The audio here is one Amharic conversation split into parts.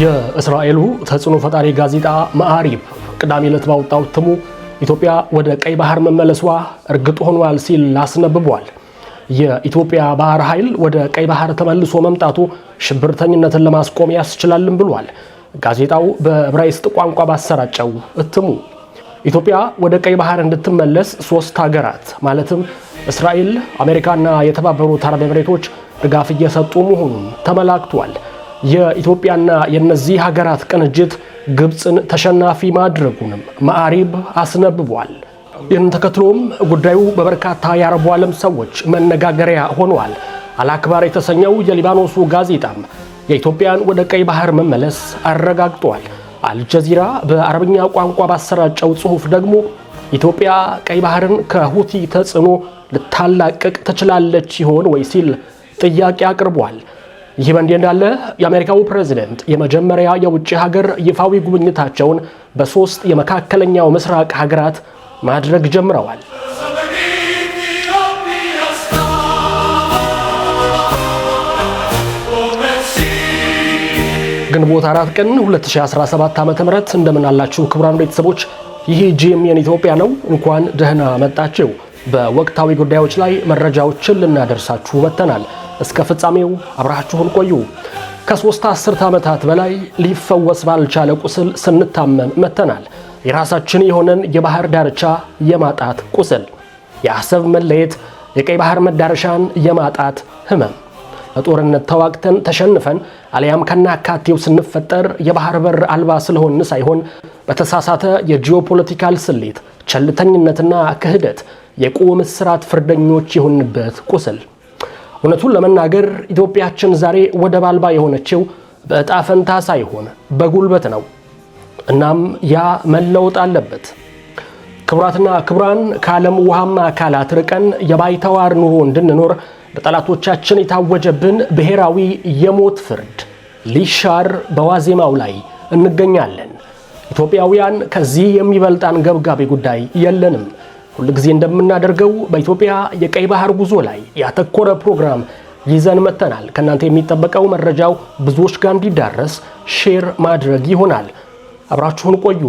የእስራኤሉ ተጽዕኖ ፈጣሪ ጋዜጣ መዓሪብ ቅዳሜ ዕለት ባወጣው እትሙ ኢትዮጵያ ወደ ቀይ ባህር መመለሷ እርግጥ ሆኗል ሲል አስነብቧል። የኢትዮጵያ ባህር ኃይል ወደ ቀይ ባህር ተመልሶ መምጣቱ ሽብርተኝነትን ለማስቆም ያስችላልም ብሏል ጋዜጣው በዕብራይስጥ ቋንቋ ባሰራጨው እትሙ። ኢትዮጵያ ወደ ቀይ ባህር እንድትመለስ ሶስት ሀገራት ማለትም እስራኤል፣ አሜሪካና የተባበሩት አረብ ኤምሬቶች ድጋፍ እየሰጡ መሆኑን ተመላክቷል። የኢትዮጵያና የነዚህ ሀገራት ቅንጅት ግብፅን ተሸናፊ ማድረጉንም ማዕሪብ አስነብቧል። ይህን ተከትሎም ጉዳዩ በበርካታ የአረቡ ዓለም ሰዎች መነጋገሪያ ሆኗል። አልአክባር የተሰኘው የሊባኖሱ ጋዜጣም የኢትዮጵያን ወደ ቀይ ባህር መመለስ አረጋግጧል። አልጀዚራ በአረብኛ ቋንቋ ባሰራጨው ጽሑፍ ደግሞ ኢትዮጵያ ቀይ ባህርን ከሁቲ ተጽዕኖ ልታላቅቅ ትችላለች ይሆን ወይ ሲል ጥያቄ አቅርቧል። ይህ በእንዲህ እንዳለ የአሜሪካው ፕሬዚደንት የመጀመሪያ የውጭ ሀገር ይፋዊ ጉብኝታቸውን በሶስት የመካከለኛው ምስራቅ ሀገራት ማድረግ ጀምረዋል። ግንቦት አራት ቀን 2017 ዓ.ም እንደምናላችሁ ክቡራን ቤተሰቦች፣ ይህ ጂኤምኤን ኢትዮጵያ ነው። እንኳን ደህና መጣችሁ። በወቅታዊ ጉዳዮች ላይ መረጃዎችን ልናደርሳችሁ መጥተናል። እስከ ፍጻሜው አብራችሁን ቆዩ። ከሶስት አስርት ዓመታት በላይ ሊፈወስ ባልቻለ ቁስል ስንታመም መተናል። የራሳችን የሆነን የባህር ዳርቻ የማጣት ቁስል፣ የአሰብ መለየት፣ የቀይ ባህር መዳረሻን የማጣት ህመም በጦርነት ተዋግተን ተሸንፈን አሊያም ከናካቴው ስንፈጠር የባህር በር አልባ ስለሆን ሳይሆን በተሳሳተ የጂኦፖለቲካል ስሌት፣ ቸልተኝነትና ክህደት የቁም እስራት ፍርደኞች የሆንበት ቁስል እውነቱን ለመናገር ኢትዮጵያችን ዛሬ ወደብ አልባ የሆነችው በጣፈንታ ፈንታ ሳይሆን በጉልበት ነው። እናም ያ መለወጥ አለበት። ክቡራትና ክቡራን፣ ከዓለም ውሃማ አካላት ርቀን የባይተዋር ኑሮ እንድንኖር በጠላቶቻችን የታወጀብን ብሔራዊ የሞት ፍርድ ሊሻር በዋዜማው ላይ እንገኛለን። ኢትዮጵያውያን ከዚህ የሚበልጣን ገብጋቢ ጉዳይ የለንም። ሁልጊዜ እንደምናደርገው በኢትዮጵያ የቀይ ባህር ጉዞ ላይ ያተኮረ ፕሮግራም ይዘን መጥተናል። ከእናንተ የሚጠበቀው መረጃው ብዙዎች ጋር እንዲዳረስ ሼር ማድረግ ይሆናል። አብራችሁን ቆዩ።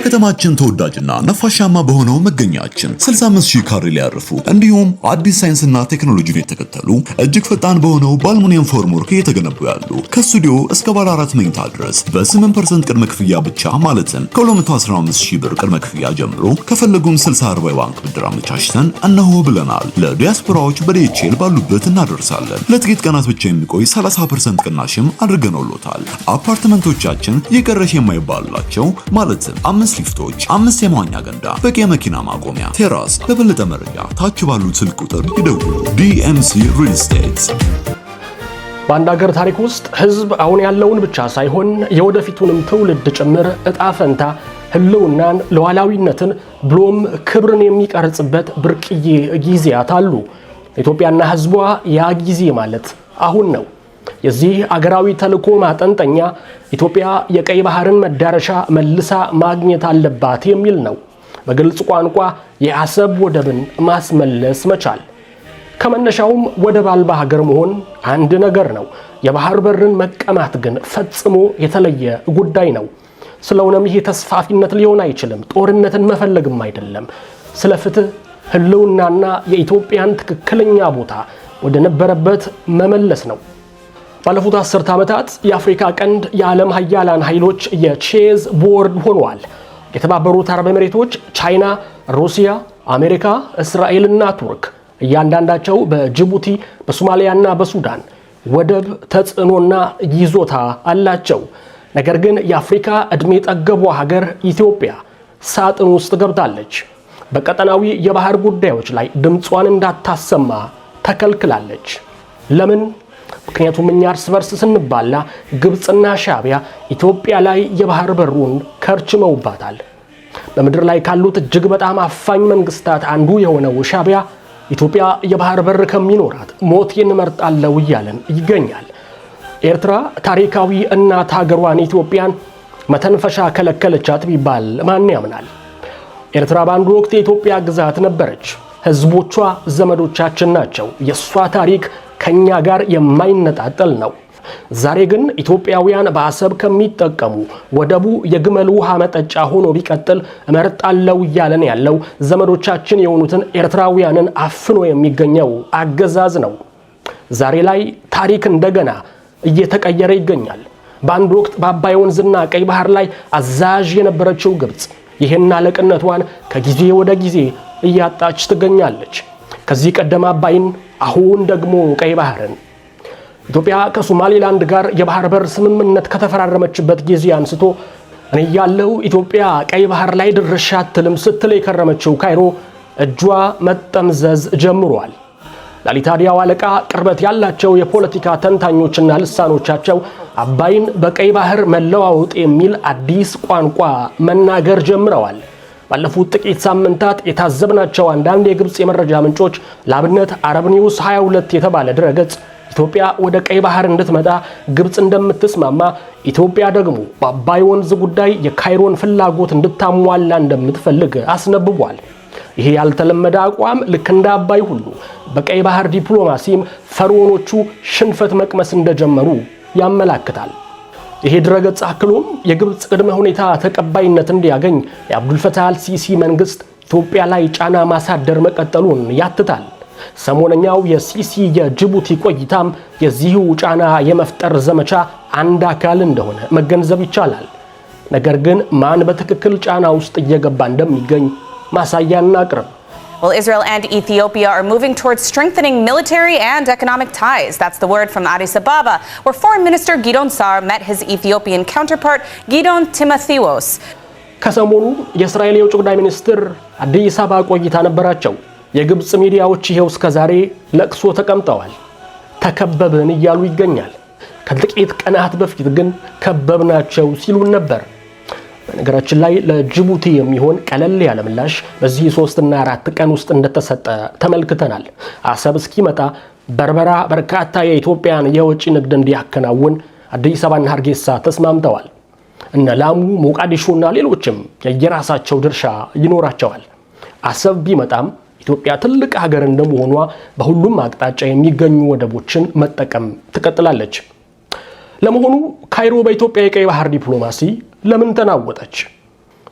በከተማችን ተወዳጅና ነፋሻማ በሆነው መገኛችን 65 ሺህ ካሬ ሊያርፉ እንዲሁም አዲስ ሳይንስና ቴክኖሎጂን የተከተሉ እጅግ ፈጣን በሆነው በአልሙኒየም ፎርምወርክ እየተገነቡ ያሉ ከስቱዲዮ እስከ ባለ አራት መኝታ ድረስ በ8% ቅድመ ክፍያ ብቻ ማለትም ከ215 ሺህ ብር ቅድመ ክፍያ ጀምሮ ከፈለጉም 60 40 ባንክ ብድር አመቻችተን እነሆ ብለናል። ለዲያስፖራዎች በዲኤችኤል ባሉበት እናደርሳለን። ለጥቂት ቀናት ብቻ የሚቆይ 30% ቅናሽም አድርገንሎታል። አፓርትመንቶቻችን የቀረሽ የማይባልላቸው ማለትም አምስት ሊፍቶች፣ አምስት የመዋኛ ገንዳ፣ በቂ የመኪና ማቆሚያ፣ ቴራስ። ለበለጠ መረጃ ታች ባሉት ስልክ ቁጥር ይደውሉ። ዲኤምሲ ሪል ስቴት። በአንድ ሀገር ታሪክ ውስጥ ህዝብ አሁን ያለውን ብቻ ሳይሆን የወደፊቱንም ትውልድ ጭምር እጣ ፈንታ ህልውናን ሉዓላዊነትን ብሎም ክብርን የሚቀርጽበት ብርቅዬ ጊዜያት አሉ። ኢትዮጵያና ህዝቧ ያ ጊዜ ማለት አሁን ነው። የዚህ አገራዊ ተልኮ ማጠንጠኛ ኢትዮጵያ የቀይ ባህርን መዳረሻ መልሳ ማግኘት አለባት የሚል ነው። በግልጽ ቋንቋ የአሰብ ወደብን ማስመለስ መቻል ከመነሻውም ወደብ አልባ ሀገር መሆን አንድ ነገር ነው። የባህር በርን መቀማት ግን ፈጽሞ የተለየ ጉዳይ ነው። ስለሆነም ይህ ተስፋፊነት ሊሆን አይችልም። ጦርነትን መፈለግም አይደለም። ስለ ፍትህ፣ ህልውናና የኢትዮጵያን ትክክለኛ ቦታ ወደ ነበረበት መመለስ ነው። ባለፉት አስርት ዓመታት የአፍሪካ ቀንድ የዓለም ሀያላን ኃይሎች የቼዝ ቦርድ ሆኗል። የተባበሩት አረብ ኤምሬቶች፣ ቻይና፣ ሩሲያ፣ አሜሪካ፣ እስራኤልና ቱርክ እያንዳንዳቸው በጅቡቲ በሶማሊያና በሱዳን ወደብ ተጽዕኖና ይዞታ አላቸው። ነገር ግን የአፍሪካ ዕድሜ ጠገቧ ሀገር ኢትዮጵያ ሳጥን ውስጥ ገብታለች። በቀጠናዊ የባህር ጉዳዮች ላይ ድምጿን እንዳታሰማ ተከልክላለች። ለምን? ምክንያቱም እኛ እርስ በርስ ስንባላ ግብፅና ሻቢያ ኢትዮጵያ ላይ የባህር በሩን ከርችመውባታል። በምድር ላይ ካሉት እጅግ በጣም አፋኝ መንግስታት አንዱ የሆነው ሻቢያ ኢትዮጵያ የባህር በር ከሚኖራት ሞት እመርጣለሁ እያለን ይገኛል። ኤርትራ ታሪካዊ እናት ሀገሯን ኢትዮጵያን መተንፈሻ ከለከለቻት ቢባል ማን ያምናል? ኤርትራ በአንድ ወቅት የኢትዮጵያ ግዛት ነበረች። ህዝቦቿ ዘመዶቻችን ናቸው። የእሷ ታሪክ ከኛ ጋር የማይነጣጠል ነው። ዛሬ ግን ኢትዮጵያውያን በአሰብ ከሚጠቀሙ ወደቡ የግመል ውሃ መጠጫ ሆኖ ቢቀጥል መርጣለው እያለን ያለው ዘመዶቻችን የሆኑትን ኤርትራውያንን አፍኖ የሚገኘው አገዛዝ ነው። ዛሬ ላይ ታሪክ እንደገና እየተቀየረ ይገኛል። በአንድ ወቅት በአባይ ወንዝና ቀይ ባህር ላይ አዛዥ የነበረችው ግብፅ ይህን አለቅነቷን ከጊዜ ወደ ጊዜ እያጣች ትገኛለች። ከዚህ ቀደም አባይን፣ አሁን ደግሞ ቀይ ባህርን። ኢትዮጵያ ከሶማሌላንድ ጋር የባህር በር ስምምነት ከተፈራረመችበት ጊዜ አንስቶ እኔ ያለው ኢትዮጵያ ቀይ ባህር ላይ ድርሻ አትልም ስትል የከረመችው ካይሮ እጇ መጠምዘዝ ጀምሯል። ለኢጣሊያው አለቃ ቅርበት ያላቸው የፖለቲካ ተንታኞችና ልሳኖቻቸው አባይን በቀይ ባህር መለዋወጥ የሚል አዲስ ቋንቋ መናገር ጀምረዋል። ባለፉት ጥቂት ሳምንታት የታዘብናቸው አንዳንድ የግብፅ የመረጃ ምንጮች ለአብነት አረብ ኒውስ 22 የተባለ ድረገጽ ኢትዮጵያ ወደ ቀይ ባህር እንድትመጣ ግብፅ እንደምትስማማ ኢትዮጵያ ደግሞ በአባይ ወንዝ ጉዳይ የካይሮን ፍላጎት እንድታሟላ እንደምትፈልግ አስነብቧል። ይሄ ያልተለመደ አቋም ልክ እንደ አባይ ሁሉ በቀይ ባህር ዲፕሎማሲም ፈርዖኖቹ ሽንፈት መቅመስ እንደጀመሩ ያመላክታል። ይሄ ድረገጽ አክሎም የግብፅ ቅድመ ሁኔታ ተቀባይነት እንዲያገኝ የአብዱልፈታህ አልሲሲ መንግስት ኢትዮጵያ ላይ ጫና ማሳደር መቀጠሉን ያትታል። ሰሞነኛው የሲሲ የጅቡቲ ቆይታም የዚሁ ጫና የመፍጠር ዘመቻ አንድ አካል እንደሆነ መገንዘብ ይቻላል። ነገር ግን ማን በትክክል ጫና ውስጥ እየገባ እንደሚገኝ ማሳያ እናቅርብ። Well, Israel and Ethiopia are moving towards strengthening military and economic ties. That's the word from Addis Ababa, where Foreign Minister Gidon Sar met his Ethiopian counterpart Gidon Timotheos. ከሰሞኑ የእስራኤል የውጭ ጉዳይ ሚኒስትር አዲስ አበባ ቆይታ ነበራቸው። የግብፅ ሚዲያዎች ይሄው እስከ ዛሬ ለቅሶ ተቀምጠዋል። ተከበብን እያሉ ይገኛል። ከጥቂት ቀናት በፊት ግን ከበብናቸው ሲሉን ነበር። በነገራችን ላይ ለጅቡቲ የሚሆን ቀለል ያለ ምላሽ በዚህ ሶስትና አራት ቀን ውስጥ እንደተሰጠ ተመልክተናል። አሰብ እስኪመጣ በርበራ በርካታ የኢትዮጵያን የውጭ ንግድ እንዲያከናውን አዲስ አበባና ሀርጌሳ ተስማምተዋል። እነ ላሙ ሞቃዲሾና ሌሎችም የየራሳቸው ድርሻ ይኖራቸዋል። አሰብ ቢመጣም ኢትዮጵያ ትልቅ ሀገር እንደመሆኗ በሁሉም አቅጣጫ የሚገኙ ወደቦችን መጠቀም ትቀጥላለች። ለመሆኑ ካይሮ በኢትዮጵያ የቀይ ባህር ዲፕሎማሲ ለምን ተናወጠች?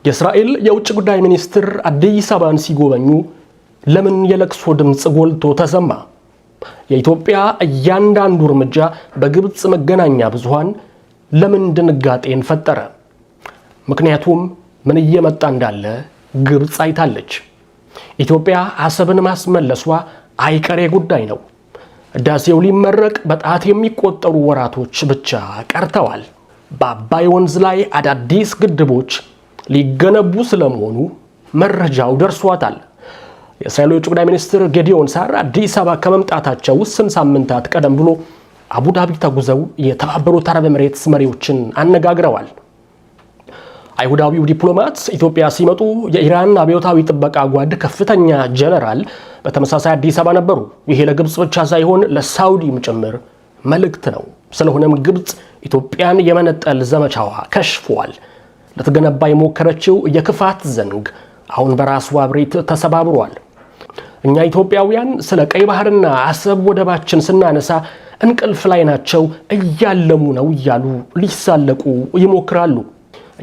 የእስራኤል የውጭ ጉዳይ ሚኒስትር አዲስ አበባን ሲጎበኙ ለምን የለቅሶ ድምፅ ጎልቶ ተሰማ? የኢትዮጵያ እያንዳንዱ እርምጃ በግብፅ መገናኛ ብዙሃን ለምን ድንጋጤን ፈጠረ? ምክንያቱም ምን እየመጣ እንዳለ ግብፅ አይታለች። ኢትዮጵያ አሰብን ማስመለሷ አይቀሬ ጉዳይ ነው። ህዳሴው ሊመረቅ በጣት የሚቆጠሩ ወራቶች ብቻ ቀርተዋል። በአባይ ወንዝ ላይ አዳዲስ ግድቦች ሊገነቡ ስለመሆኑ መረጃው ደርሷታል። የእስራኤል የውጭ ጉዳይ ሚኒስትር ጌዲዮን ሳር አዲስ አበባ ከመምጣታቸው ውስን ሳምንታት ቀደም ብሎ አቡዳቢ ተጉዘው የተባበሩት አረብ ኤምሬትስ መሪዎችን አነጋግረዋል። አይሁዳዊው ዲፕሎማት ኢትዮጵያ ሲመጡ የኢራን አብዮታዊ ጥበቃ ጓድ ከፍተኛ ጀነራል በተመሳሳይ አዲስ አበባ ነበሩ። ይሄ ለግብፅ ብቻ ሳይሆን ለሳውዲም ጭምር መልእክት ነው። ስለሆነም ግብፅ ኢትዮጵያን የመነጠል ዘመቻዋ ከሽፏል። ልትገነባ የሞከረችው የክፋት ዘንግ አሁን በራሷ ብሬት ተሰባብሯል። እኛ ኢትዮጵያውያን ስለ ቀይ ባህርና አሰብ ወደባችን ስናነሳ እንቅልፍ ላይ ናቸው፣ እያለሙ ነው እያሉ ሊሳለቁ ይሞክራሉ።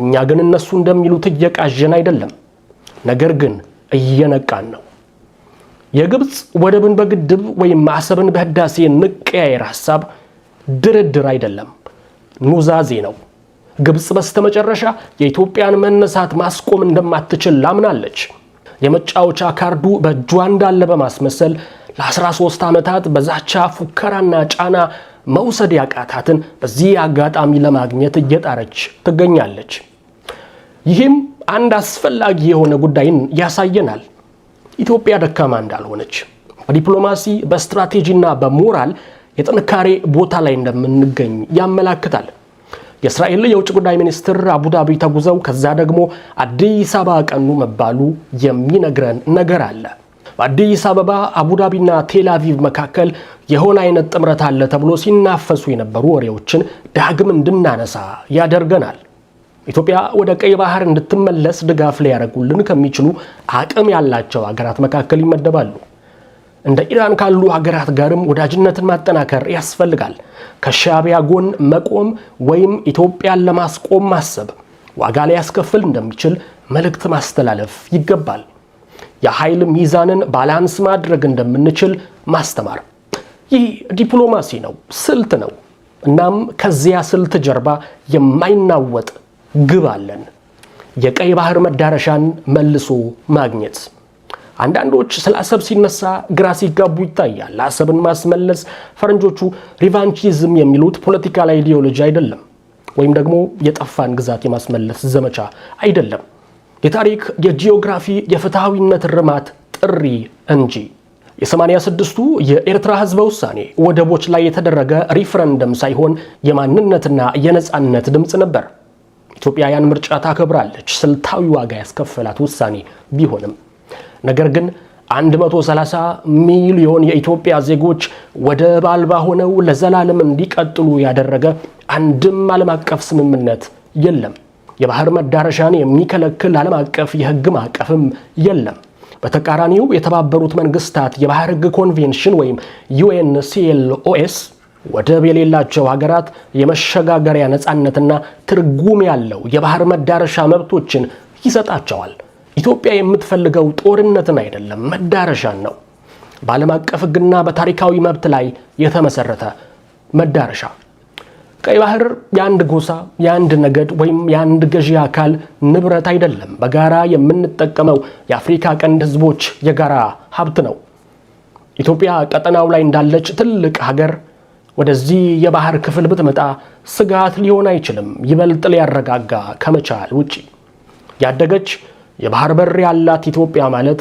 እኛ ግን እነሱ እንደሚሉት እየቃዥን አይደለም፣ ነገር ግን እየነቃን ነው። የግብፅ ወደብን በግድብ ወይም አሰብን በህዳሴ ንቀያየር ሀሳብ ድርድር አይደለም፣ ኑዛዜ ነው። ግብፅ በስተመጨረሻ የኢትዮጵያን መነሳት ማስቆም እንደማትችል ላምናለች። የመጫወቻ ካርዱ በእጇ እንዳለ በማስመሰል ለ13 ዓመታት በዛቻ ፉከራና ጫና መውሰድ ያቃታትን በዚህ አጋጣሚ ለማግኘት እየጣረች ትገኛለች። ይህም አንድ አስፈላጊ የሆነ ጉዳይን ያሳየናል። ኢትዮጵያ ደካማ እንዳልሆነች በዲፕሎማሲ በስትራቴጂና በሞራል የጥንካሬ ቦታ ላይ እንደምንገኝ ያመላክታል። የእስራኤል የውጭ ጉዳይ ሚኒስትር አቡዳቢ ተጉዘው ከዛ ደግሞ አዲስ አበባ ቀኑ መባሉ የሚነግረን ነገር አለ። በአዲስ አበባ አቡዳቢና ቴላቪቭ መካከል የሆነ አይነት ጥምረት አለ ተብሎ ሲናፈሱ የነበሩ ወሬዎችን ዳግም እንድናነሳ ያደርገናል። ኢትዮጵያ ወደ ቀይ ባህር እንድትመለስ ድጋፍ ሊያደርጉልን ከሚችሉ አቅም ያላቸው ሀገራት መካከል ይመደባሉ። እንደ ኢራን ካሉ ሀገራት ጋርም ወዳጅነትን ማጠናከር ያስፈልጋል። ከሻቢያ ጎን መቆም ወይም ኢትዮጵያን ለማስቆም ማሰብ ዋጋ ሊያስከፍል እንደሚችል መልእክት ማስተላለፍ ይገባል። የኃይል ሚዛንን ባላንስ ማድረግ እንደምንችል ማስተማር። ይህ ዲፕሎማሲ ነው፣ ስልት ነው። እናም ከዚያ ስልት ጀርባ የማይናወጥ ግብ አለን፤ የቀይ ባህር መዳረሻን መልሶ ማግኘት። አንዳንዶች ስለ አሰብ ሲነሳ ግራ ሲጋቡ ይታያል። አሰብን ማስመለስ ፈረንጆቹ ሪቫንቺዝም የሚሉት ፖለቲካል አይዲዮሎጂ አይደለም፣ ወይም ደግሞ የጠፋን ግዛት የማስመለስ ዘመቻ አይደለም። የታሪክ የጂኦግራፊ የፍትሐዊነት ርማት ጥሪ እንጂ 86 ስድስቱ የኤርትራ ህዝበ ውሳኔ ወደቦች ላይ የተደረገ ሪፍረንደም ሳይሆን የማንነትና የነፃነት ድምፅ ነበር። ኢትዮጵያውያን ምርጫ ታከብራለች፣ ስልታዊ ዋጋ ያስከፈላት ውሳኔ ቢሆንም ነገር ግን 130 ሚሊዮን የኢትዮጵያ ዜጎች ወደብ አልባ ሆነው ለዘላለም እንዲቀጥሉ ያደረገ አንድም ዓለም አቀፍ ስምምነት የለም። የባህር መዳረሻን የሚከለክል ዓለም አቀፍ የህግ ማዕቀፍም የለም። በተቃራኒው የተባበሩት መንግስታት የባህር ህግ ኮንቬንሽን ወይም ዩኤንሲኤልኦኤስ ወደብ የሌላቸው ሀገራት የመሸጋገሪያ ነፃነትና ትርጉም ያለው የባህር መዳረሻ መብቶችን ይሰጣቸዋል። ኢትዮጵያ የምትፈልገው ጦርነትን አይደለም፣ መዳረሻን ነው። በዓለም አቀፍ ሕግና በታሪካዊ መብት ላይ የተመሰረተ መዳረሻ። ቀይ ባህር የአንድ ጎሳ፣ የአንድ ነገድ ወይም የአንድ ገዢ አካል ንብረት አይደለም። በጋራ የምንጠቀመው የአፍሪካ ቀንድ ሕዝቦች የጋራ ሀብት ነው። ኢትዮጵያ ቀጠናው ላይ እንዳለች ትልቅ ሀገር ወደዚህ የባህር ክፍል ብትመጣ ስጋት ሊሆን አይችልም፣ ይበልጥ ሊያረጋጋ ከመቻል ውጪ ያደገች የባህር በር ያላት ኢትዮጵያ ማለት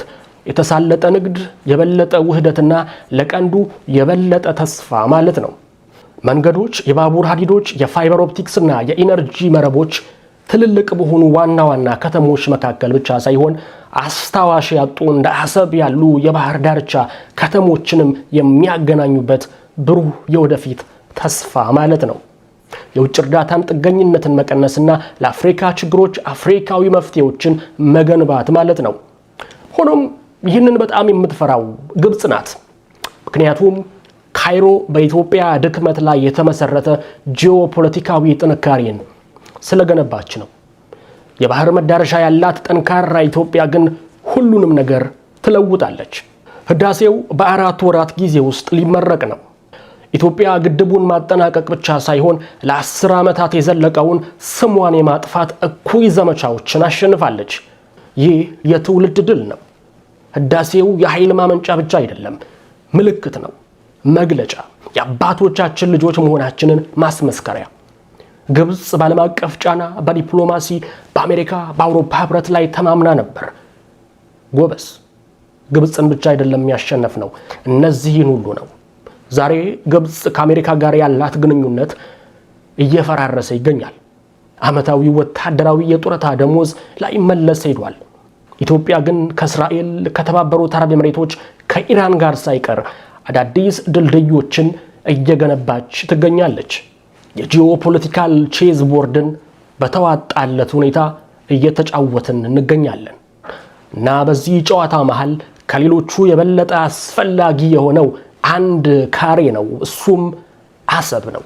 የተሳለጠ ንግድ፣ የበለጠ ውህደትና ለቀንዱ የበለጠ ተስፋ ማለት ነው። መንገዶች፣ የባቡር ሀዲዶች፣ የፋይበር ና የኢነርጂ መረቦች ትልልቅ በሆኑ ዋና ዋና ከተሞች መካከል ብቻ ሳይሆን አስታዋሽ ያጡ እንደ አሰብ ያሉ የባህር ዳርቻ ከተሞችንም የሚያገናኙበት ብሩህ የወደፊት ተስፋ ማለት ነው። የውጭ እርዳታን ጥገኝነትን መቀነስና ለአፍሪካ ችግሮች አፍሪካዊ መፍትሄዎችን መገንባት ማለት ነው። ሆኖም ይህንን በጣም የምትፈራው ግብፅ ናት። ምክንያቱም ካይሮ በኢትዮጵያ ድክመት ላይ የተመሰረተ ጂኦፖለቲካዊ ጥንካሬን ስለገነባች ነው። የባህር መዳረሻ ያላት ጠንካራ ኢትዮጵያ ግን ሁሉንም ነገር ትለውጣለች። ህዳሴው በአራት ወራት ጊዜ ውስጥ ሊመረቅ ነው። ኢትዮጵያ ግድቡን ማጠናቀቅ ብቻ ሳይሆን ለአስር ዓመታት የዘለቀውን ስሟን የማጥፋት እኩይ ዘመቻዎችን አሸንፋለች። ይህ የትውልድ ድል ነው። ህዳሴው የኃይል ማመንጫ ብቻ አይደለም፣ ምልክት ነው፣ መግለጫ፣ የአባቶቻችን ልጆች መሆናችንን ማስመስከሪያ። ግብፅ በዓለም አቀፍ ጫና፣ በዲፕሎማሲ፣ በአሜሪካ፣ በአውሮፓ ህብረት ላይ ተማምና ነበር። ጎበስ ግብፅን ብቻ አይደለም ያሸነፍ ነው፣ እነዚህን ሁሉ ነው። ዛሬ ግብፅ ከአሜሪካ ጋር ያላት ግንኙነት እየፈራረሰ ይገኛል። ዓመታዊ ወታደራዊ የጡረታ ደሞዝ ላይመለስ ሄዷል። ኢትዮጵያ ግን ከእስራኤል፣ ከተባበሩት አረብ ኤምሬቶች፣ ከኢራን ጋር ሳይቀር አዳዲስ ድልድዮችን እየገነባች ትገኛለች። የጂኦፖለቲካል ቼዝ ቦርድን በተዋጣለት ሁኔታ እየተጫወትን እንገኛለን እና በዚህ ጨዋታ መሃል ከሌሎቹ የበለጠ አስፈላጊ የሆነው አንድ ካሬ ነው። እሱም አሰብ ነው።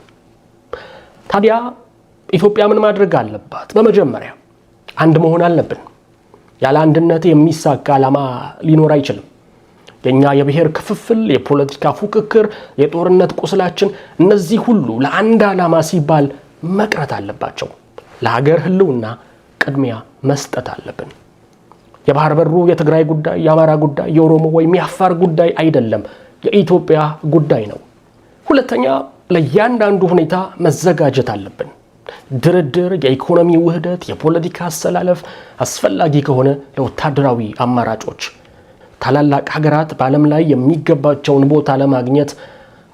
ታዲያ ኢትዮጵያ ምን ማድረግ አለባት? በመጀመሪያ አንድ መሆን አለብን። ያለ አንድነት የሚሳካ ዓላማ ሊኖር አይችልም። የእኛ የብሔር ክፍፍል፣ የፖለቲካ ፉክክር፣ የጦርነት ቁስላችን፣ እነዚህ ሁሉ ለአንድ ዓላማ ሲባል መቅረት አለባቸው። ለሀገር ህልውና ቅድሚያ መስጠት አለብን። የባህር በሩ የትግራይ ጉዳይ፣ የአማራ ጉዳይ፣ የኦሮሞ ወይም የአፋር ጉዳይ አይደለም። የኢትዮጵያ ጉዳይ ነው። ሁለተኛ ለእያንዳንዱ ሁኔታ መዘጋጀት አለብን። ድርድር፣ የኢኮኖሚ ውህደት፣ የፖለቲካ አሰላለፍ አስፈላጊ ከሆነ ለወታደራዊ አማራጮች ታላላቅ ሀገራት በዓለም ላይ የሚገባቸውን ቦታ ለማግኘት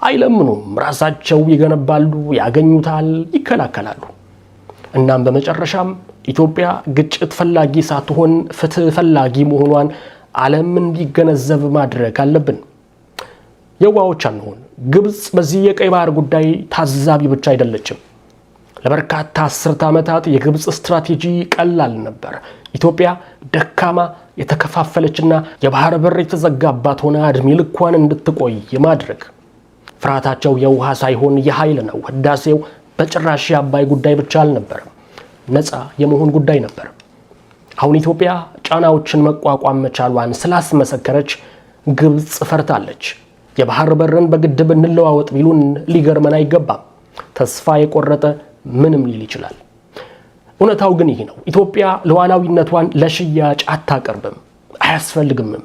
አይለምኑም። ራሳቸው ይገነባሉ፣ ያገኙታል፣ ይከላከላሉ። እናም በመጨረሻም ኢትዮጵያ ግጭት ፈላጊ ሳትሆን ፍትህ ፈላጊ መሆኗን ዓለም እንዲገነዘብ ማድረግ አለብን። የዋዎች አንሆን። ግብፅ በዚህ የቀይ ባህር ጉዳይ ታዛቢ ብቻ አይደለችም። ለበርካታ አስርት ዓመታት የግብፅ ስትራቴጂ ቀላል ነበር። ኢትዮጵያ ደካማ የተከፋፈለችና የባህር በር የተዘጋባት ሆና ዕድሜ ልኳን እንድትቆይ የማድረግ ፍርሃታቸው የውሃ ሳይሆን የኃይል ነው። ህዳሴው በጭራሽ የአባይ ጉዳይ ብቻ አልነበረም፣ ነፃ የመሆን ጉዳይ ነበር። አሁን ኢትዮጵያ ጫናዎችን መቋቋም መቻሏን ስላስመሰከረች ግብፅ ፈርታለች። የባህር በርን በግድብ እንለዋወጥ ቢሉን ሊገርመን አይገባም። ተስፋ የቆረጠ ምንም ሊል ይችላል። እውነታው ግን ይህ ነው። ኢትዮጵያ ሉዓላዊነቷን ለሽያጭ አታቀርብም፣ አያስፈልግምም።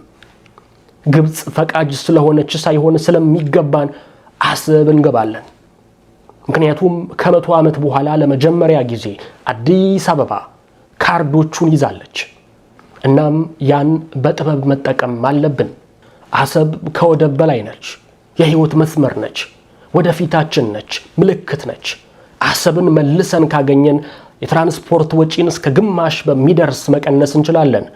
ግብፅ ፈቃጅ ስለሆነች ሳይሆን ስለሚገባን አሰብ እንገባለን። ምክንያቱም ከመቶ ዓመት በኋላ ለመጀመሪያ ጊዜ አዲስ አበባ ካርዶቹን ይዛለች። እናም ያን በጥበብ መጠቀም አለብን። አሰብ ከወደብ በላይ ነች። የህይወት መስመር ነች። ወደፊታችን ነች። ምልክት ነች። አሰብን መልሰን ካገኘን የትራንስፖርት ወጪን እስከ ግማሽ በሚደርስ መቀነስ እንችላለን።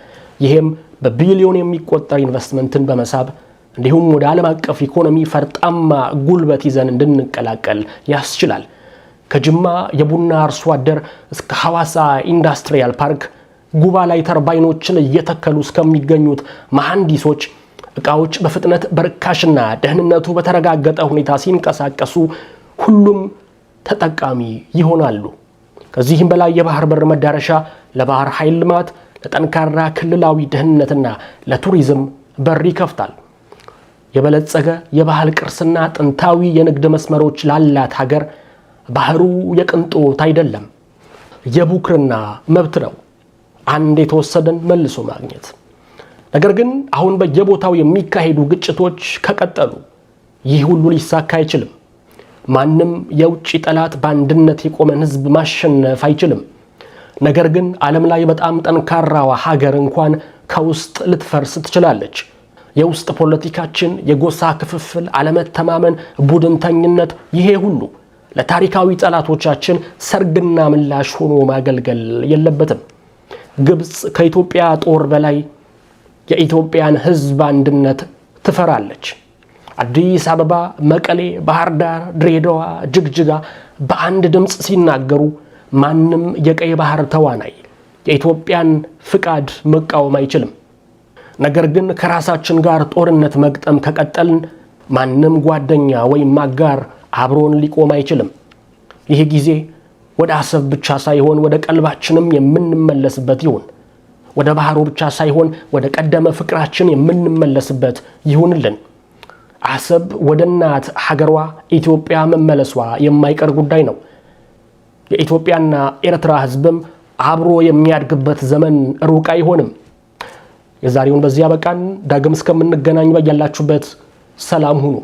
ይህም በቢሊዮን የሚቆጠር ኢንቨስትመንትን በመሳብ እንዲሁም ወደ ዓለም አቀፍ ኢኮኖሚ ፈርጣማ ጉልበት ይዘን እንድንቀላቀል ያስችላል። ከጅማ የቡና አርሶ አደር እስከ ሐዋሳ ኢንዱስትሪያል ፓርክ፣ ጉባ ላይ ተርባይኖችን እየተከሉ እስከሚገኙት መሐንዲሶች እቃዎች በፍጥነት በርካሽና ደህንነቱ በተረጋገጠ ሁኔታ ሲንቀሳቀሱ ሁሉም ተጠቃሚ ይሆናሉ። ከዚህም በላይ የባህር በር መዳረሻ ለባህር ኃይል ልማት፣ ለጠንካራ ክልላዊ ደህንነትና ለቱሪዝም በር ይከፍታል። የበለጸገ የባህል ቅርስና ጥንታዊ የንግድ መስመሮች ላላት ሀገር ባህሩ የቅንጦት አይደለም፣ የቡክርና መብት ነው። አንድ የተወሰደን መልሶ ማግኘት ነገር ግን አሁን በየቦታው የሚካሄዱ ግጭቶች ከቀጠሉ ይህ ሁሉ ሊሳካ አይችልም። ማንም የውጭ ጠላት በአንድነት የቆመን ህዝብ ማሸነፍ አይችልም። ነገር ግን ዓለም ላይ በጣም ጠንካራዋ ሀገር እንኳን ከውስጥ ልትፈርስ ትችላለች። የውስጥ ፖለቲካችን፣ የጎሳ ክፍፍል፣ አለመተማመን፣ ቡድንተኝነት፣ ይሄ ሁሉ ለታሪካዊ ጠላቶቻችን ሰርግና ምላሽ ሆኖ ማገልገል የለበትም። ግብፅ ከኢትዮጵያ ጦር በላይ የኢትዮጵያን ሕዝብ አንድነት ትፈራለች። አዲስ አበባ፣ መቀሌ፣ ባህር ዳር፣ ድሬዳዋ፣ ጅግጅጋ በአንድ ድምፅ ሲናገሩ ማንም የቀይ ባህር ተዋናይ የኢትዮጵያን ፍቃድ መቃወም አይችልም። ነገር ግን ከራሳችን ጋር ጦርነት መግጠም ከቀጠልን ማንም ጓደኛ ወይም አጋር አብሮን ሊቆም አይችልም። ይህ ጊዜ ወደ አሰብ ብቻ ሳይሆን ወደ ቀልባችንም የምንመለስበት ይሁን። ወደ ባህሩ ብቻ ሳይሆን ወደ ቀደመ ፍቅራችን የምንመለስበት ይሁንልን። አሰብ ወደ እናት ሀገሯ ኢትዮጵያ መመለሷ የማይቀር ጉዳይ ነው። የኢትዮጵያና ኤርትራ ሕዝብም አብሮ የሚያድግበት ዘመን ሩቅ አይሆንም። የዛሬውን በዚህ አበቃን። ዳግም እስከምንገናኝ በያላችሁበት ሰላም ሁኑ።